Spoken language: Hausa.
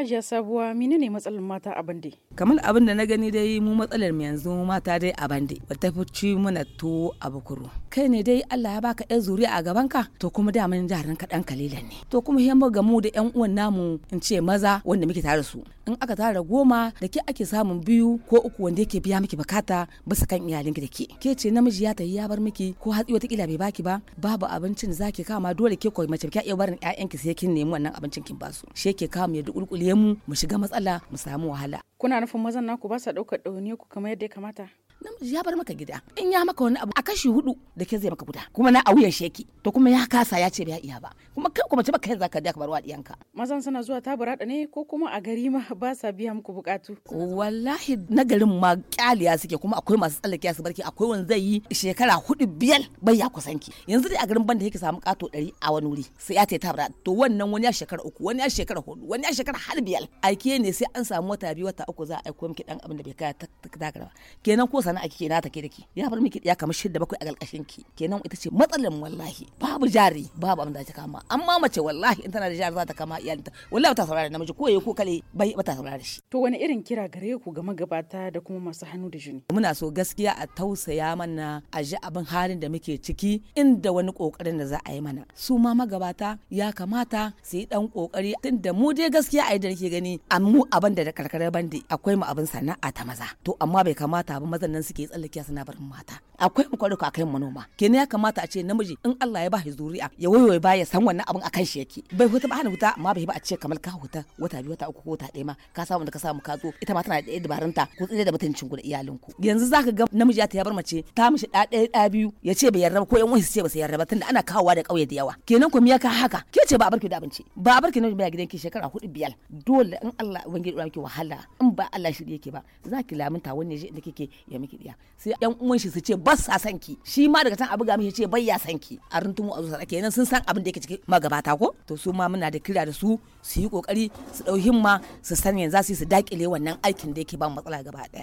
Hajiya Sabuwa menene matsalar mata a bande? Kamar abin da na gani dai mu matsalar mu yanzu mata dai a bande ba ta fi mana to a bukuru. Kai ne dai Allah ya baka ɗan zuriya a gaban ka to kuma da mun jaran ka dan kalilan ne. To kuma hemba ga mu da yan uwan namu in ce maza wanda muke tare su. In aka tara goma da ke ake samun biyu ko uku wanda yake biya miki bukata su kan ki da ke. Ke ce namiji ya tafi ya bar miki ko hatsi wata kila bai baki ba babu abincin da zaki kama dole ke koyi mace ki iya barin ƴaƴanki sai kin nemi wannan abincin kin basu. Shi yake kama ya dukulkule gare mu mu shiga matsala mu samu wahala kuna nufin mazan naku ba sa ɗaukar ɗauniyar ku kamar yadda ya kamata namiji ya bar maka gida in ya maka wani abu a kashi hudu da ke zai maka guda kuma na a wuyan sheki to kuma ya kasa ya ce bai iya ba kuma kai kuma ce baka zaka da ka bar wa diyanka mazan suna zuwa taburada ne ko kuma a gari ma ba sa biya muku bukatu wallahi na garin ma kyaliya suke kuma akwai masu tsallakiya su barki akwai wani zai yi shekara hudu biyar bai ya kusanki yanzu dai a garin banda yake samu kato ɗari a wani wuri sai ya ta bara to wannan wani ya shekara uku wani ya shekara hudu wani ya shekara har biyar aike ne sai an samu wata biyu wata uku za a aiko miki dan abin da bai kaya ta ba kenan ko sana'a kike na take dake ya bar miki ya kamar shidda bakwai a galkashin ki kenan ita ce matsalar wallahi babu jari babu abin da ta kama amma mace wallahi in tana da jari za ta kama iyalinta wallahi ta saurara namiji ko yayi ko kale bai ba ta saurara shi to wani irin kira gare ku ga magabata da kuma masu hannu da jini muna so gaskiya a tausaya mana a ji abin halin da muke ciki inda wani kokarin da za a yi mana su ma magabata ya kamata su yi dan kokari tunda mu dai gaskiya a yadda nake gani a mu abin da karkarar bandi akwai mu abin sana'a ta maza to amma bai kamata ba mazan nan suke tsallakiya suna barin mata akwai kwaruka akai manoma ke ne ya kamata a ce namiji in Allah ya ba shi zuri'a ya wayoyi ba ya san wannan abin akan shi yake bai huta ba hana huta amma bai ba a ce kamar ka huta wata biyu wata uku ko wata ɗaya ma ka samu da ka samu ka zo ita ma tana da dabarun ta ko tsire da mutuncin ku da iyalinku yanzu zaka ga namiji ta ya bar mace ta mishi ɗa ɗaya ɗa biyu ya ce bai yarda ko yan uwansa ce ba su yarda ba tunda ana kawowa da ƙauye da yawa kenan ku miya ka haka ke ce ba a barki da abinci ba a barki namiji ba gidanki shekara hudu biyar dole in Allah ubangiji ya wahala in ba Allah shirye yake ba za ki lamunta wanne je inda kike ya miki sai yan uwan shi su ce ba sa sanki shi ma daga can abu ga mishi ce bai ya san ki a runtumu a zuwa kenan sun san abin da yake cikin magabata ko to su ma muna da kira da su su yi kokari su ɗau himma su san yanzu su dakile wannan aikin da yake ba matsala gaba daya.